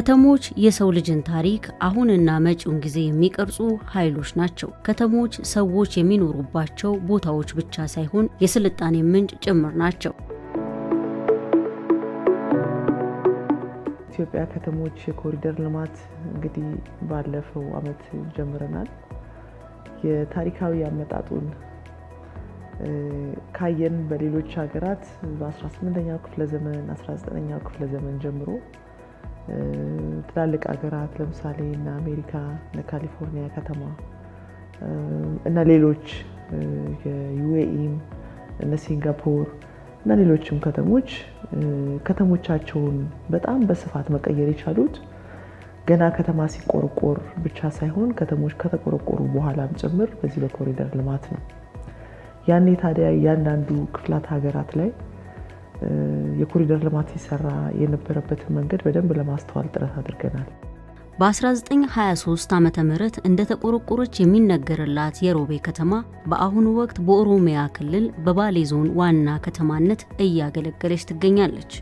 ከተሞች የሰው ልጅን ታሪክ አሁንና መጪውን ጊዜ የሚቀርጹ ኃይሎች ናቸው። ከተሞች ሰዎች የሚኖሩባቸው ቦታዎች ብቻ ሳይሆን የስልጣኔ ምንጭ ጭምር ናቸው። ኢትዮጵያ ከተሞች የኮሪደር ልማት እንግዲህ ባለፈው ዓመት ጀምረናል። የታሪካዊ አመጣጡን ካየን በሌሎች ሀገራት በ18ኛው ክፍለ ዘመን 19ኛው ክፍለ ዘመን ጀምሮ ትላልቅ ሀገራት ለምሳሌ እነ አሜሪካ እነ ካሊፎርኒያ ከተማ እና ሌሎች የዩኤኢም እነ ሲንጋፖር እና ሌሎችም ከተሞች ከተሞቻቸውን በጣም በስፋት መቀየር የቻሉት ገና ከተማ ሲቆረቆር ብቻ ሳይሆን ከተሞች ከተቆረቆሩ በኋላም ጭምር በዚህ በኮሪደር ልማት ነው። ያኔ ታዲያ እያንዳንዱ ክፍላት ሀገራት ላይ የኮሪደር ልማት ሲሰራ የነበረበትን መንገድ በደንብ ለማስተዋል ጥረት አድርገናል። በ1923 ዓ ም እንደተቆረቆረች የሚነገርላት የሮቤ ከተማ በአሁኑ ወቅት በኦሮሚያ ክልል በባሌ ዞን ዋና ከተማነት እያገለገለች ትገኛለች።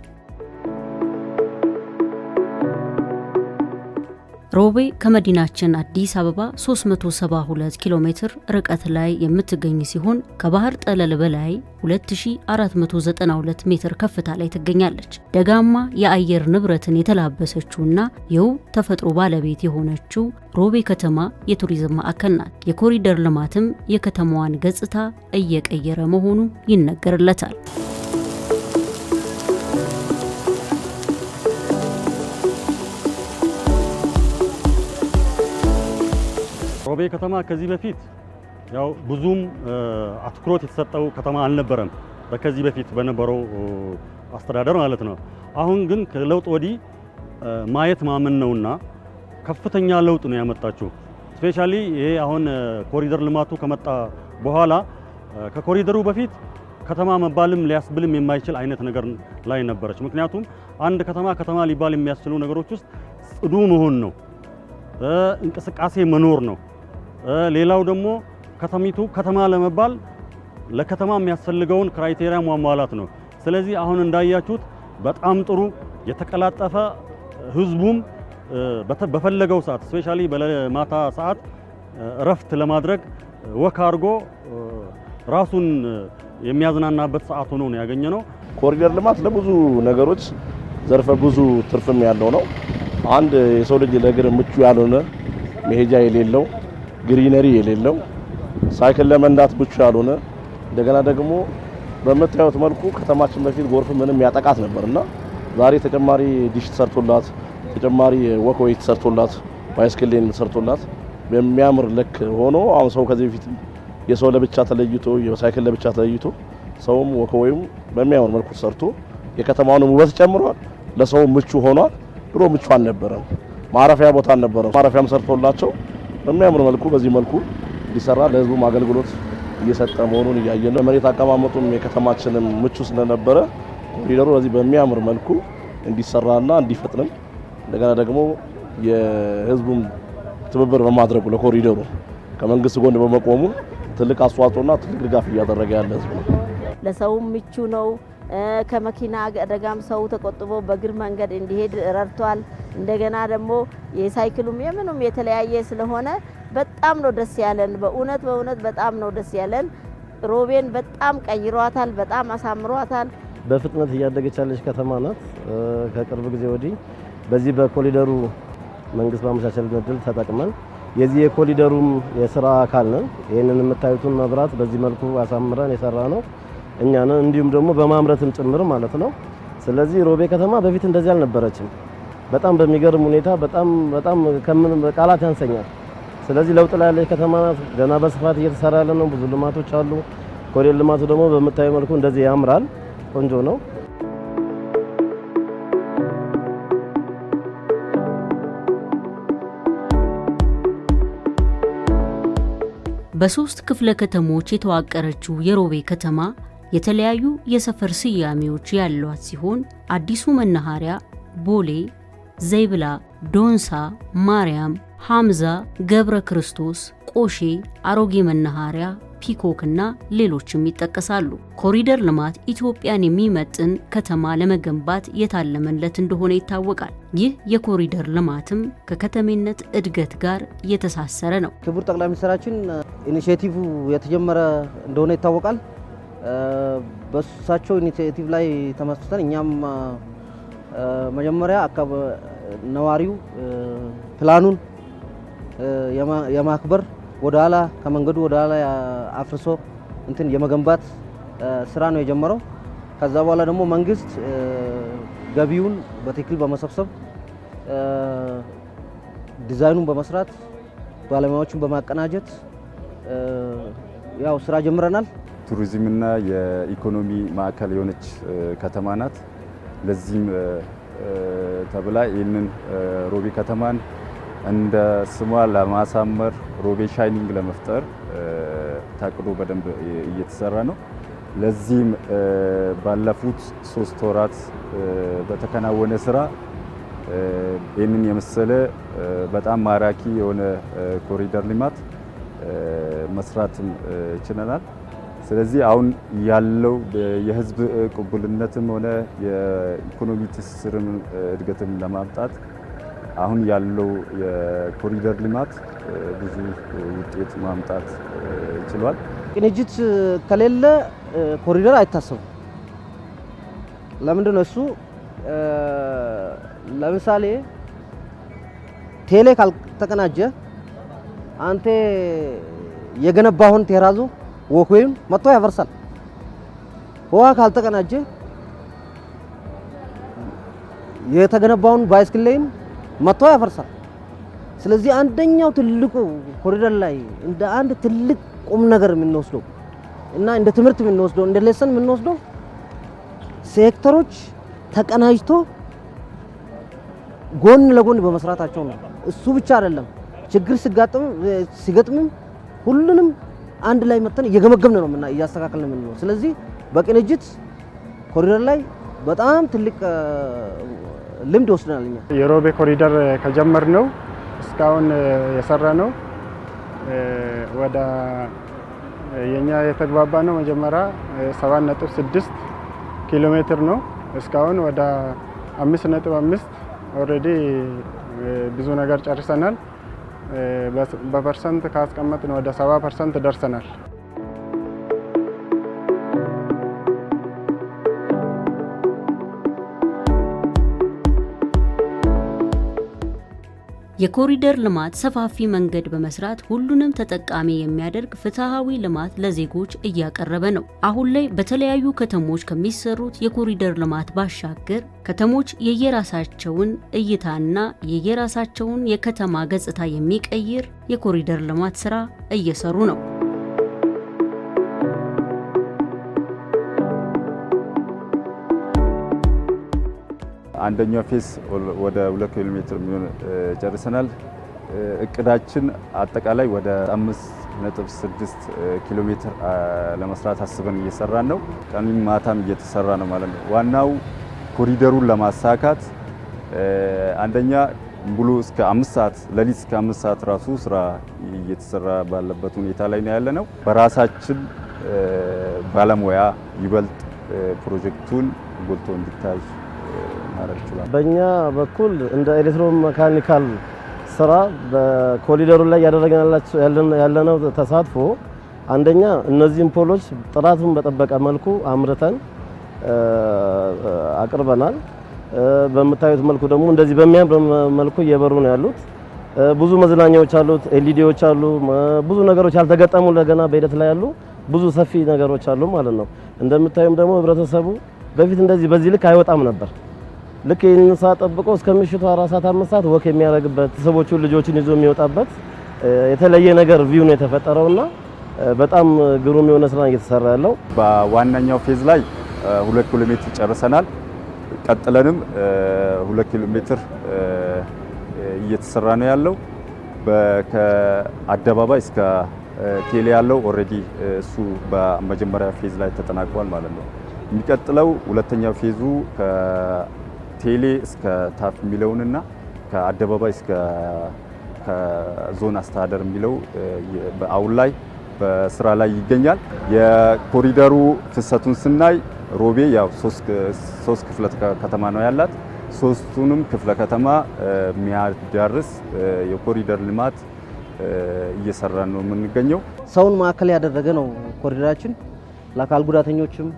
ሮቤ ከመዲናችን አዲስ አበባ 372 ኪሎ ሜትር ርቀት ላይ የምትገኝ ሲሆን ከባህር ጠለል በላይ 2492 ሜትር ከፍታ ላይ ትገኛለች። ደጋማ የአየር ንብረትን የተላበሰችውና የውብ ተፈጥሮ ባለቤት የሆነችው ሮቤ ከተማ የቱሪዝም ማዕከል ናት። የኮሪደር ልማትም የከተማዋን ገጽታ እየቀየረ መሆኑ ይነገርለታል። ሮቤ ከተማ ከዚህ በፊት ያው ብዙም አትኩሮት የተሰጠው ከተማ አልነበረም፣ ከዚህ በፊት በነበረው አስተዳደር ማለት ነው። አሁን ግን ከለውጥ ወዲህ ማየት ማመን ነውና ከፍተኛ ለውጥ ነው ያመጣችው። ስፔሻሊ ይሄ አሁን ኮሪደር ልማቱ ከመጣ በኋላ ከኮሪደሩ በፊት ከተማ መባልም ሊያስብልም የማይችል አይነት ነገር ላይ ነበረች። ምክንያቱም አንድ ከተማ ከተማ ሊባል የሚያስችሉ ነገሮች ውስጥ ጽዱ መሆን ነው፣ እንቅስቃሴ መኖር ነው። ሌላው ደግሞ ከተሚቱ ከተማ ለመባል ለከተማ የሚያስፈልገውን ክራይቴሪያ ማሟላት ነው። ስለዚህ አሁን እንዳያችሁት በጣም ጥሩ የተቀላጠፈ ህዝቡም በፈለገው ሰዓት ስፔሻሊ በማታ ሰዓት እረፍት ለማድረግ ወክ አድርጎ ራሱን የሚያዝናናበት ሰዓት ሆኖ ነው ያገኘ ነው። ኮሪደር ልማት ለብዙ ነገሮች ዘርፈ ብዙ ትርፍም ያለው ነው። አንድ የሰው ልጅ ለእግር ምቹ ያልሆነ መሄጃ የሌለው ግሪነሪ የሌለው ሳይክል ለመንዳት ብቻ ያልሆነ እንደገና ደግሞ በምታዩት መልኩ ከተማችን በፊት ጎርፍ ምንም ያጠቃት ነበርና ዛሬ ተጨማሪ ዲሽ ተሰርቶላት ተጨማሪ ወክዌይ ተሰርቶላት ባይስክሌን ተሰርቶላት በሚያምር ልክ ሆኖ አሁን ሰው ከዚህ በፊት የሰው ለብቻ ተለይቶ የሳይክል ለብቻ ተለይቶ ሰውም ወክዌይም በሚያምር መልኩ ተሰርቶ የከተማውን ውበት ጨምሯል። ለሰው ምቹ ሆኗል። ድሮ ምቹ አልነበረም። ማረፊያ ቦታ አልነበረም። ማረፊያም ሰርቶላቸው በሚያምር መልኩ በዚህ መልኩ እንዲሰራ ለህዝቡም አገልግሎት እየሰጠ መሆኑን እያየን ነው። መሬት አቀማመጡም የከተማችንም ምቹ ስለነበረ ኮሪደሩ በዚህ በሚያምር መልኩ እንዲሰራና እንዲፈጥንም እንደገና ደግሞ የህዝቡም ትብብር በማድረጉ ለኮሪደሩ ከመንግስት ጎን በመቆሙ ትልቅ አስተዋጽኦና ትልቅ ድጋፍ እያደረገ ያለ ህዝብ ነው። ለሰውም ምቹ ነው። ከመኪና አደጋም ሰው ተቆጥቦ በእግር መንገድ እንዲሄድ ረድቷል። እንደገና ደግሞ የሳይክሉም የምኑም የተለያየ ስለሆነ በጣም ነው ደስ ያለን። በእውነት በእውነት በጣም ነው ደስ ያለን። ሮቤን በጣም ቀይሯታል፣ በጣም አሳምሯታል። በፍጥነት እያደገች ያለች ከተማ ናት። ከቅርብ ጊዜ ወዲህ በዚህ በኮሊደሩ መንግስት ማመቻቸል እድል ተጠቅመን የዚህ የኮሊደሩም የስራ አካል ነን። ይህንን የምታዩትን መብራት በዚህ መልኩ አሳምረን የሰራ ነው። እኛ ነን፣ እንዲሁም ደግሞ በማምረትም ጭምር ማለት ነው። ስለዚህ ሮቤ ከተማ በፊት እንደዚህ አልነበረችም። በጣም በሚገርም ሁኔታ በጣም በጣም ከምን ቃላት ያንሰኛል። ስለዚህ ለውጥ ላይ ያለች ከተማ ናት። ገና በስፋት እየተሰራ ያለ ነው። ብዙ ልማቶች አሉ። ኮሪደር ልማቱ ደግሞ በምታዩ መልኩ እንደዚህ ያምራል። ቆንጆ ነው። በሶስት ክፍለ ከተሞች የተዋቀረችው የሮቤ ከተማ የተለያዩ የሰፈር ስያሜዎች ያሏት ሲሆን አዲሱ መናኸሪያ ቦሌ፣ ዘይብላ፣ ዶንሳ ማርያም፣ ሐምዛ፣ ገብረ ክርስቶስ፣ ቆሼ፣ አሮጌ መናኸሪያ፣ ፒኮክ እና ሌሎችም ይጠቀሳሉ። ኮሪደር ልማት ኢትዮጵያን የሚመጥን ከተማ ለመገንባት የታለመለት እንደሆነ ይታወቃል። ይህ የኮሪደር ልማትም ከከተሜነት እድገት ጋር የተሳሰረ ነው። ክቡር ጠቅላይ ሚኒስትራችን ኢኒሽቲቭ የተጀመረ እንደሆነ ይታወቃል። በእሳቸው ኢኒሼቲቭ ላይ ተመስርተን እኛም መጀመሪያ ነዋሪው ፕላኑን የማክበር ወደኋላ ከመንገዱ ወደኋላ አፍርሶ እንትን የመገንባት ስራ ነው የጀመረው። ከዛ በኋላ ደግሞ መንግስት ገቢውን በትክክል በመሰብሰብ ዲዛይኑን በመስራት ባለሙያዎችን በማቀናጀት ያው ስራ ጀምረናል። የቱሪዝምና የኢኮኖሚ ማዕከል የሆነች ከተማ ናት። ለዚህም ተብላ ይህንን ሮቤ ከተማን እንደ ስሟ ለማሳመር ሮቤ ሻይኒንግ ለመፍጠር ታቅዶ በደንብ እየተሰራ ነው። ለዚህም ባለፉት ሶስት ወራት በተከናወነ ስራ ይህንን የመሰለ በጣም ማራኪ የሆነ ኮሪደር ልማት መስራትም ችለናል። ስለዚህ አሁን ያለው የህዝብ ቅቡልነትም ሆነ የኢኮኖሚ ትስስርን እድገትም ለማምጣት አሁን ያለው የኮሪደር ልማት ብዙ ውጤት ማምጣት ችሏል። ቅንጅት ከሌለ ኮሪደር አይታሰብም። ለምንድነው እሱ? ለምሳሌ ቴሌ ካልተቀናጀ አንተ የገነባሁን ቴራዞ ወክዌይም መጥቶ ያፈርሳል። ውሃ ካልተቀናጀ የተገነባውን ባይስክል ላይም መጥቶ ያፈርሳል። ስለዚህ አንደኛው ትልቁ ኮሪደር ላይ እንደ አንድ ትልቅ ቁም ነገር የምንወስደው እና እንደ ትምህርት የምንወስደው እንደ ሌሰን የምንወስደው ሴክተሮች ተቀናጅቶ ጎን ለጎን በመስራታቸው ነው። እሱ ብቻ አይደለም ችግር ሲገጥምም ሁሉንም አንድ ላይ መጥተን እየገመገምን ነው እና እያስተካከልን ነው። ስለዚህ በቅንጅት ኮሪደር ላይ በጣም ትልቅ ልምድ ወስደናል። እኛ የሮቤ ኮሪደር ነው እስካሁን የሰራ ነው ወደ የኛ የተግባባ ነው መጀመሪያ 7.6 ኪሎ ሜትር ነው። እስካሁን ወደ 5.5 ኦልሬዲ ብዙ ነገር ጨርሰናል። በፐርሰንት ካስቀመጥን ወደ ሰባ ፐርሰንት ደርሰናል። የኮሪደር ልማት ሰፋፊ መንገድ በመስራት ሁሉንም ተጠቃሚ የሚያደርግ ፍትሐዊ ልማት ለዜጎች እያቀረበ ነው። አሁን ላይ በተለያዩ ከተሞች ከሚሰሩት የኮሪደር ልማት ባሻገር ከተሞች የየራሳቸውን እይታና የየራሳቸውን የከተማ ገጽታ የሚቀይር የኮሪደር ልማት ስራ እየሰሩ ነው። አንደኛው ፌስ ወደ 2 ኪሎ ሜትር የሚሆን ጨርሰናል። እቅዳችን አጠቃላይ ወደ 56 ኪሎ ሜትር ለመስራት አስበን እየሰራን ነው። ቀንም ማታም እየተሰራ ነው ማለት ነው። ዋናው ኮሪደሩን ለማሳካት አንደኛ ሙሉ እስከ አምስት ሰዓት ለሊት እስከ አምስት ሰዓት ራሱ ስራ እየተሰራ ባለበት ሁኔታ ላይ ነው ያለ ነው። በራሳችን ባለሙያ ይበልጥ ፕሮጀክቱን ጎልቶ እንዲታይ ማድረግ ይችላል። በእኛ በኩል እንደ ኤሌክትሮ መካኒካል ስራ በኮሪደሩ ላይ እያደረገ ያለነው ተሳትፎ አንደኛ እነዚህን ፖሎች ጥራቱን በጠበቀ መልኩ አምርተን አቅርበናል። በምታዩት መልኩ ደግሞ እንደዚህ በሚያምር መልኩ እየበሩ ነው ያሉት። ብዙ መዝናኛዎች አሉት፣ ኤልዲዎች አሉ፣ ብዙ ነገሮች ያልተገጠሙ ለገና በሂደት ላይ ያሉ ብዙ ሰፊ ነገሮች አሉ ማለት ነው። እንደምታዩም ደግሞ ህብረተሰቡ በፊት እንደዚህ በዚህ ልክ አይወጣም ነበር። ልክ ይህን ሰዓት ጠብቆ እስከ ምሽቱ አራት ሰዓት አምስት ሰዓት ወክ የሚያደርግበት ሰቦቹን ልጆችን ይዞ የሚወጣበት የተለየ ነገር ቪው ነው የተፈጠረውና በጣም ግሩም የሆነ ስራ እየተሰራ ያለው። በዋናኛው ፌዝ ላይ ሁለት ኪሎ ሜትር ጨርሰናል። ቀጥለንም ሁለት ኪሎ ሜትር እየተሰራ ነው ያለው። ከአደባባይ እስከ ቴሌ ያለው ኦልሬዲ እሱ በመጀመሪያ ፌዝ ላይ ተጠናቋል ማለት ነው። የሚቀጥለው ሁለተኛው ፌዙ ከቴሌ እስከ ታፍ የሚለውንና ከአደባባይ እስከ ከዞን አስተዳደር የሚለው አሁን ላይ በስራ ላይ ይገኛል። የኮሪደሩ ፍሰቱን ስናይ ሮቤ ያው ሶስት ክፍለ ከተማ ነው ያላት። ሶስቱንም ክፍለ ከተማ የሚያዳርስ የኮሪደር ልማት እየሰራ ነው የምንገኘው። ሰውን ማዕከል ያደረገ ነው ኮሪደራችን ለአካል ጉዳተኞችም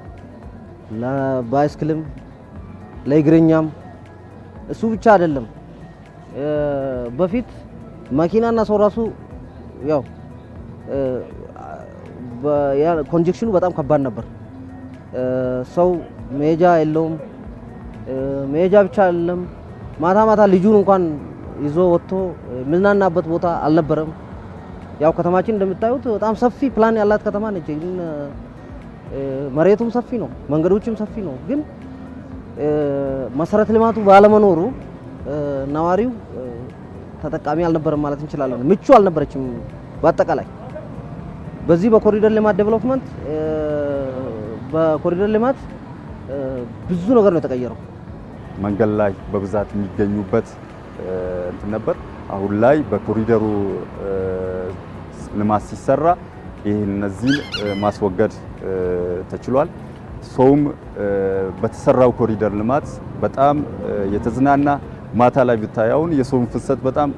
ለባይስክልም ለእግረኛም እሱ ብቻ አይደለም። በፊት መኪናና ሰው ራሱ ያው ኮንጀክሽኑ በጣም ከባድ ነበር። ሰው መሄጃ የለውም። መሄጃ ብቻ አይደለም፣ ማታ ማታ ልጁን እንኳን ይዞ ወጥቶ ምዝናናበት ቦታ አልነበረም። ያው ከተማችን እንደምታዩት በጣም ሰፊ ፕላን ያላት ከተማ ነች። ግን መሬቱም ሰፊ ነው፣ መንገዶችም ሰፊ ነው ግን መሰረተ ልማቱ ባለመኖሩ ነዋሪው ተጠቃሚ አልነበረም ማለት እንችላለን። ምቹ አልነበረችም በአጠቃላይ በዚህ በኮሪደር ልማት ዴቨሎፕመንት በኮሪደር ልማት ብዙ ነገር ነው የተቀየረው። መንገድ ላይ በብዛት የሚገኙበት እንትን ነበር። አሁን ላይ በኮሪደሩ ልማት ሲሰራ ይህ እነዚህን ማስወገድ ተችሏል። ሰውም በተሰራው ኮሪደር ልማት በጣም የተዝናና ማታ ላይ ብታይ የሰውን ፍሰት በጣም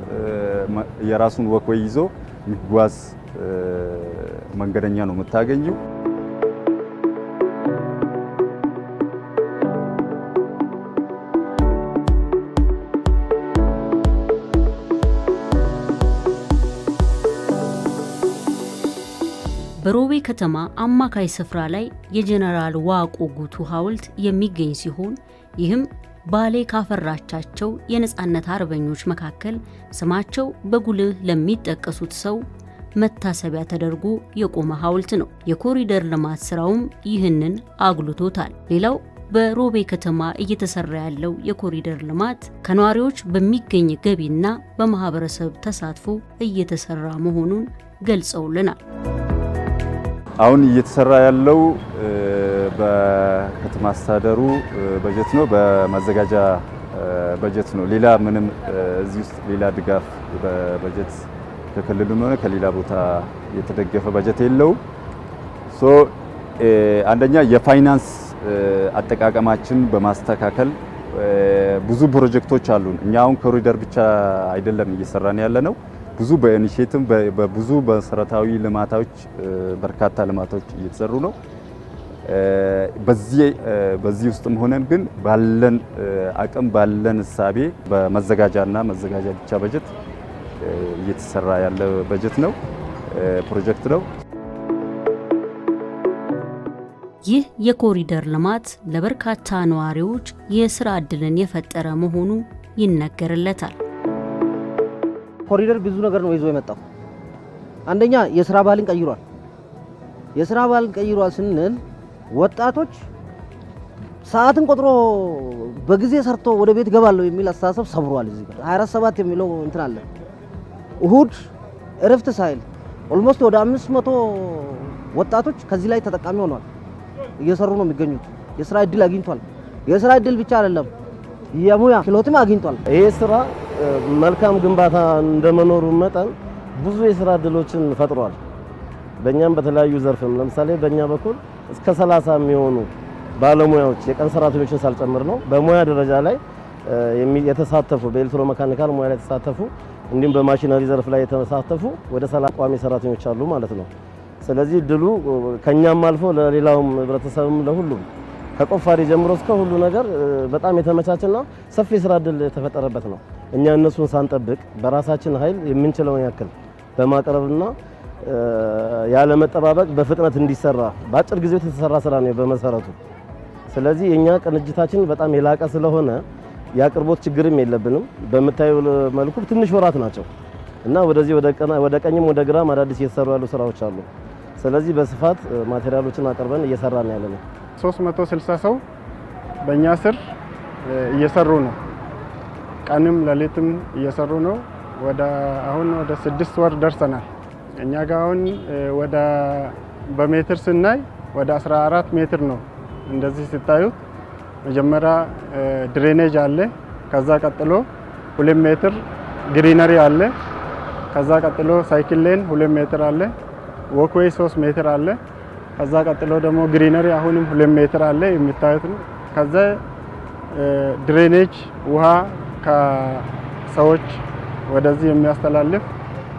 የራሱን ወክወይ ይዞ የሚጓዝ መንገደኛ ነው የምታገኘው። በሮቤ ከተማ አማካይ ስፍራ ላይ የጀነራል ዋቆ ጉቱ ሐውልት የሚገኝ ሲሆን ይህም ባሌ ካፈራቻቸው የነፃነት አርበኞች መካከል ስማቸው በጉልህ ለሚጠቀሱት ሰው መታሰቢያ ተደርጎ የቆመ ሐውልት ነው። የኮሪደር ልማት ስራውም ይህንን አጉልቶታል። ሌላው በሮቤ ከተማ እየተሰራ ያለው የኮሪደር ልማት ከነዋሪዎች በሚገኝ ገቢና በማህበረሰብ ተሳትፎ እየተሰራ መሆኑን ገልጸውልናል። አሁን እየተሰራ ያለው በከተማ አስተዳደሩ በጀት ነው፣ በማዘጋጃ በጀት ነው። ሌላ ምንም እዚህ ውስጥ ሌላ ድጋፍ በበጀት ከክልሉም ሆነ ከሌላ ቦታ የተደገፈ በጀት የለው። ሶ አንደኛ የፋይናንስ አጠቃቀማችን በማስተካከል ብዙ ፕሮጀክቶች አሉን። እኛ አሁን ኮሪደር ብቻ አይደለም እየሰራን ያለ ነው። ብዙ በኢኒሼቲቭ በብዙ መሰረታዊ ልማታዎች በርካታ ልማቶች እየተሰሩ ነው። በዚህ በዚህ ውስጥም ሆነን ግን ባለን አቅም ባለን እሳቤ በመዘጋጃና መዘጋጃ ብቻ በጀት እየተሰራ ያለ በጀት ነው ፕሮጀክት ነው። ይህ የኮሪደር ልማት ለበርካታ ነዋሪዎች የስራ ዕድልን የፈጠረ መሆኑ ይነገርለታል። ኮሪደር ብዙ ነገር ነው ይዞ የመጣው። አንደኛ የስራ ባህልን ቀይሯል። የስራ ባህልን ቀይሯል ስንል ወጣቶች ሰዓትን ቆጥሮ በጊዜ ሰርቶ ወደ ቤት ገባለሁ የሚል አስተሳሰብ ሰብሯል። እዚህ ጋር 24/7 የሚለው እንትን አለ። እሁድ እረፍት ሳይል ኦልሞስት ወደ 500 ወጣቶች ከዚህ ላይ ተጠቃሚ ሆኗል። እየሰሩ ነው የሚገኙት። የስራ እድል አግኝቷል። የስራ እድል ብቻ አይደለም የሙያ ክህሎትም አግኝቷል። ይሄ ስራ መልካም ግንባታ እንደመኖሩ መጠን ብዙ የስራ እድሎችን ፈጥሯል። በእኛም በተለያዩ ዘርፍም ለምሳሌ በእኛ በኩል እስከ 30 የሚሆኑ ባለሙያዎች የቀን ሰራተኞችን ሳልጨምር ነው በሙያ ደረጃ ላይ የተሳተፉ በኤሌክትሮ መካኒካል ሙያ ላይ የተሳተፉ እንዲሁም በማሽነሪ ዘርፍ ላይ የተሳተፉ ወደ ሰላሳ ቋሚ ሰራተኞች አሉ ማለት ነው። ስለዚህ ድሉ ከኛም አልፎ ለሌላውም ህብረተሰብም ለሁሉም ከቆፋሪ ጀምሮ እስከ ሁሉ ነገር በጣም የተመቻችና ሰፊ ስራ እድል የተፈጠረበት ነው። እኛ እነሱን ሳንጠብቅ በራሳችን ኃይል የምንችለውን ያክል በማቅረብና ያለመጠባበቅ በፍጥነት እንዲሰራ በአጭር ጊዜ የተሰራ ስራ ነው በመሰረቱ። ስለዚህ የእኛ ቅንጅታችን በጣም የላቀ ስለሆነ የአቅርቦት ችግርም የለብንም። በምታዩ መልኩ ትንሽ ወራት ናቸው እና ወደዚህ ወደ ቀኝም ወደ ግራም አዳዲስ እየተሰሩ ያሉ ስራዎች አሉ። ስለዚህ በስፋት ማቴሪያሎችን አቅርበን ነው ያለነው 360 ሰው በእኛ ስር እየሰሩ ነው። ቀንም ሌሊትም እየሰሩ ነው። ወደ አሁን ወደ ስድስት ወር ደርሰናል። እኛ ጋር አሁን ወደ በሜትር ስናይ ወደ 14 ሜትር ነው። እንደዚህ ሲታዩት መጀመሪያ ድሬኔጅ አለ። ከዛ ቀጥሎ ሁለት ሜትር ግሪነሪ አለ። ከዛ ቀጥሎ ሳይክል ሌን ሁለት ሜትር አለ። ወክዌይ ሶስት ሜትር አለ። ከዛ ቀጥሎ ደግሞ ግሪነሪ አሁንም ሁለት ሜትር አለ የምታዩት ነው። ከዛ ድሬኔጅ ውሃ ከሰዎች ወደዚህ የሚያስተላልፍ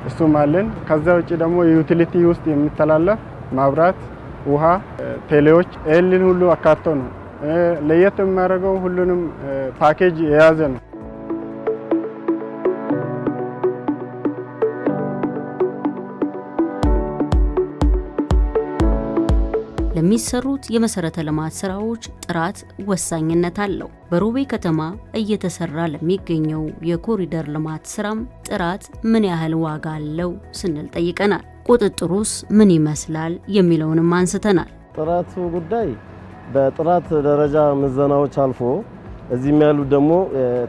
እሱም አለን። ከዛ ውጭ ደግሞ ዩቲሊቲ ውስጥ የሚተላለፍ መብራት፣ ውሃ፣ ቴሌዎች ኤልን ሁሉ አካቶ ነው። ለየት የሚያደርገው ሁሉንም ፓኬጅ የያዘ ነው። ለሚሰሩት የመሰረተ ልማት ስራዎች ጥራት ወሳኝነት አለው። በሮቤ ከተማ እየተሰራ ለሚገኘው የኮሪደር ልማት ስራም ጥራት ምን ያህል ዋጋ አለው ስንል ጠይቀናል። ቁጥጥሩስ ምን ይመስላል የሚለውንም አንስተናል። ጥራቱ ጉዳይ በጥራት ደረጃ ምዘናዎች አልፎ እዚህም ያሉ ደግሞ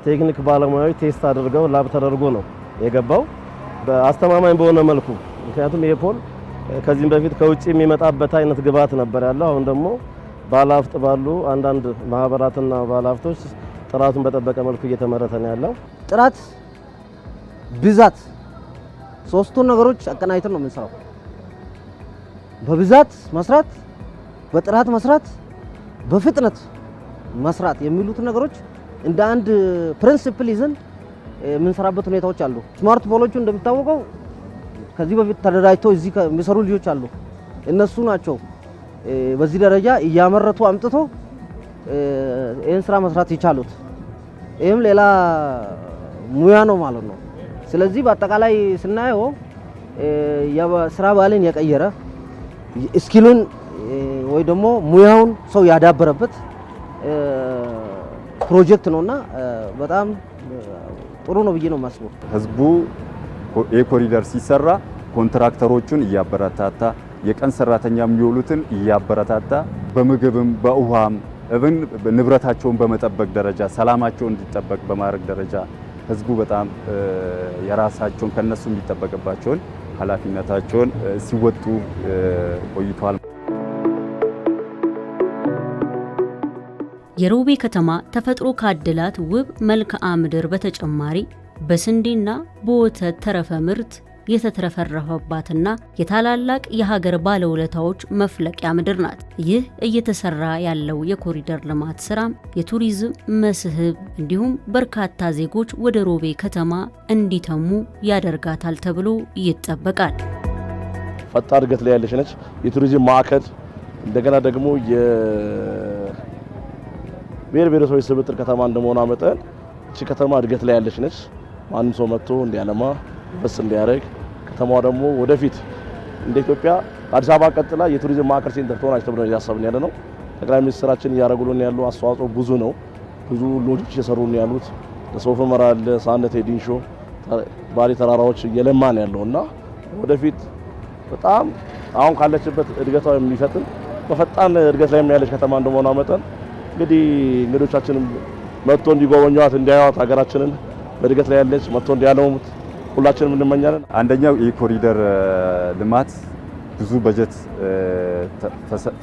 ቴክኒክ ባለሙያዎች ቴስት አድርገው ላብ ተደርጎ ነው የገባው በአስተማማኝ በሆነ መልኩ ምክንያቱም ይሄ ፖል ከዚህም በፊት ከውጭ የሚመጣበት አይነት ግብዓት ነበር ያለው። አሁን ደግሞ ባለሀብት ባሉ አንዳንድ ማህበራትና ባለሀብቶች ጥራቱን በጠበቀ መልኩ እየተመረተ ነው ያለው። ጥራት፣ ብዛት ሶስቱን ነገሮች አቀናጅተን ነው የምንሰራው። በብዛት መስራት፣ በጥራት መስራት፣ በፍጥነት መስራት የሚሉት ነገሮች እንደ አንድ ፕሪንሲፕል ይዘን የምንሰራበት ሁኔታዎች አሉ። ስማርት ቦሎቹ እንደሚታወቀው ከዚህ በፊት ተደራጅተው እዚህ የሚሰሩ ልጆች አሉ። እነሱ ናቸው በዚህ ደረጃ እያመረቱ አምጥቶ ይህን ስራ መስራት የቻሉት። ይህም ሌላ ሙያ ነው ማለት ነው። ስለዚህ በአጠቃላይ ስናየው ስራ ባህልን የቀየረ እስኪሉን ወይ ደግሞ ሙያውን ሰው ያዳበረበት ፕሮጀክት ነውና በጣም ጥሩ ነው ብዬ ነው የማስበው። ህዝቡ የኮሪደር ሲሰራ ኮንትራክተሮቹን እያበረታታ የቀን ሰራተኛ የሚውሉትን እያበረታታ በምግብም በውሃም እብን ንብረታቸውን በመጠበቅ ደረጃ ሰላማቸው እንዲጠበቅ በማድረግ ደረጃ ህዝቡ በጣም የራሳቸውን ከነሱ የሚጠበቅባቸውን ኃላፊነታቸውን ሲወጡ ቆይተዋል። የሮቤ ከተማ ተፈጥሮ ካደላት ውብ መልክዓ ምድር በተጨማሪ በስንዴና በወተት ተረፈ ምርት የተትረፈረፈባትና የታላላቅ የሀገር ባለውለታዎች መፍለቂያ ምድር ናት። ይህ እየተሰራ ያለው የኮሪደር ልማት ስራም የቱሪዝም መስህብ እንዲሁም በርካታ ዜጎች ወደ ሮቤ ከተማ እንዲተሙ ያደርጋታል ተብሎ ይጠበቃል። ፈጣን እድገት ላይ ያለች ነች። የቱሪዝም ማዕከል እንደገና ደግሞ የብሔር ብሔረሰቦች ስብጥር ከተማ እንደመሆኗ መጠን እቺ ከተማ እድገት ላይ ያለች ነች። ማንም ሰው መጥቶ እንዲያለማ ፈስ እንዲያደርግ ከተማዋ ደግሞ ወደፊት እንደ ኢትዮጵያ አዲስ አበባ ቀጥላ የቱሪዝም ማዕከል ሴንተር ትሆናለች ተብሎ እያሰብን ያለ ነው። ጠቅላይ ሚኒስትራችን እያደረጉልን ያሉ አስተዋጽኦ ብዙ ነው። ብዙ ሎጆች እየሰሩን ያሉት ለሶፍ ዑመር አለ፣ ሳነት፣ ዲንሾ፣ ባሌ ተራራዎች እየለማን ያለው እና ወደፊት በጣም አሁን ካለችበት እድገቷ የሚፈጥን በፈጣን እድገት ላይ ያለች ከተማ እንደመሆኗ መጠን እንግዲህ እንግዶቻችንም መጥቶ እንዲጎበኟት እንዲያዩት ሀገራችንን በእድገት ላይ ያለች መጥቶ እንዲያለሙት ሁላችንም እንመኛለን። አንደኛው የኮሪደር ልማት ብዙ በጀት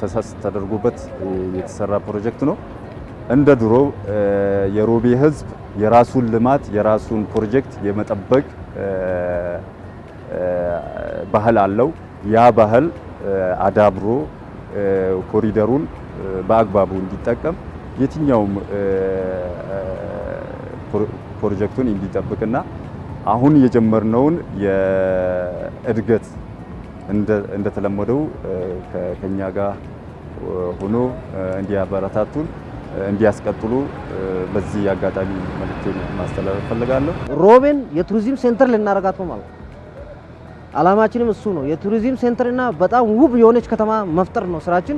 ፈሰስ ተደርጎበት የተሰራ ፕሮጀክት ነው። እንደ ድሮ የሮቤ ህዝብ የራሱን ልማት የራሱን ፕሮጀክት የመጠበቅ ባህል አለው። ያ ባህል አዳብሮ ኮሪደሩን በአግባቡ እንዲጠቀም የትኛውም ፕሮጀክቱን እንዲጠብቅና አሁን የጀመርነውን የእድገት እንደተለመደው ከኛ ጋር ሆኖ እንዲያበረታቱን እንዲያስቀጥሉ በዚህ አጋጣሚ መልእክቴን ማስተላለፍ ፈልጋለሁ። ሮቤን የቱሪዝም ሴንተር ልናረጋት ነው ማለት አላማችንም እሱ ነው። የቱሪዝም ሴንተር እና በጣም ውብ የሆነች ከተማ መፍጠር ነው ስራችን።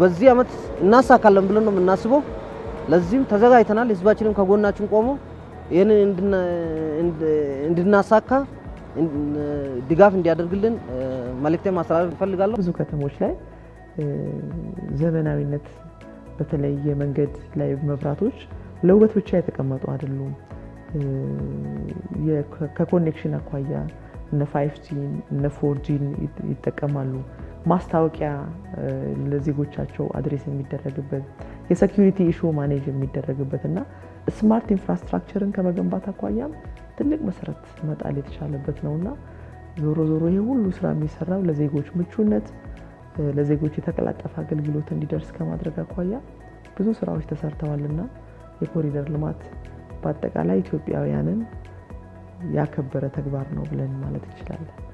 በዚህ አመት እናሳካለን ብለን ነው የምናስበው። ለዚህም ተዘጋጅተናል። ህዝባችንም ከጎናችን ቆሞ ይህንን እንድናሳካ ድጋፍ እንዲያደርግልን መልእክቴ ማስተላለፍ እፈልጋለሁ። ብዙ ከተሞች ላይ ዘመናዊነት በተለይ የመንገድ ላይ መብራቶች ለውበት ብቻ የተቀመጡ አይደሉም። ከኮኔክሽን አኳያ እነ ፋይፍጂን እነ ፎርጂን ይጠቀማሉ። ማስታወቂያ ለዜጎቻቸው አድሬስ የሚደረግበት የሴኪሪቲ ኢሹ ማኔጅ የሚደረግበት እና ስማርት ኢንፍራስትራክቸርን ከመገንባት አኳያም ትልቅ መሰረት መጣል የተቻለበት እና ዞሮ ዞሮ ይሄ ሁሉ ስራ የሚሰራው ለዜጎች ምቹነት፣ ለዜጎች የተቀላጠፈ አገልግሎት እንዲደርስ ከማድረግ አኳያ ብዙ ስራዎች ተሰርተዋልና የኮሪደር ልማት በአጠቃላይ ኢትዮጵያውያንን ያከበረ ተግባር ነው ብለን ማለት እንችላለን።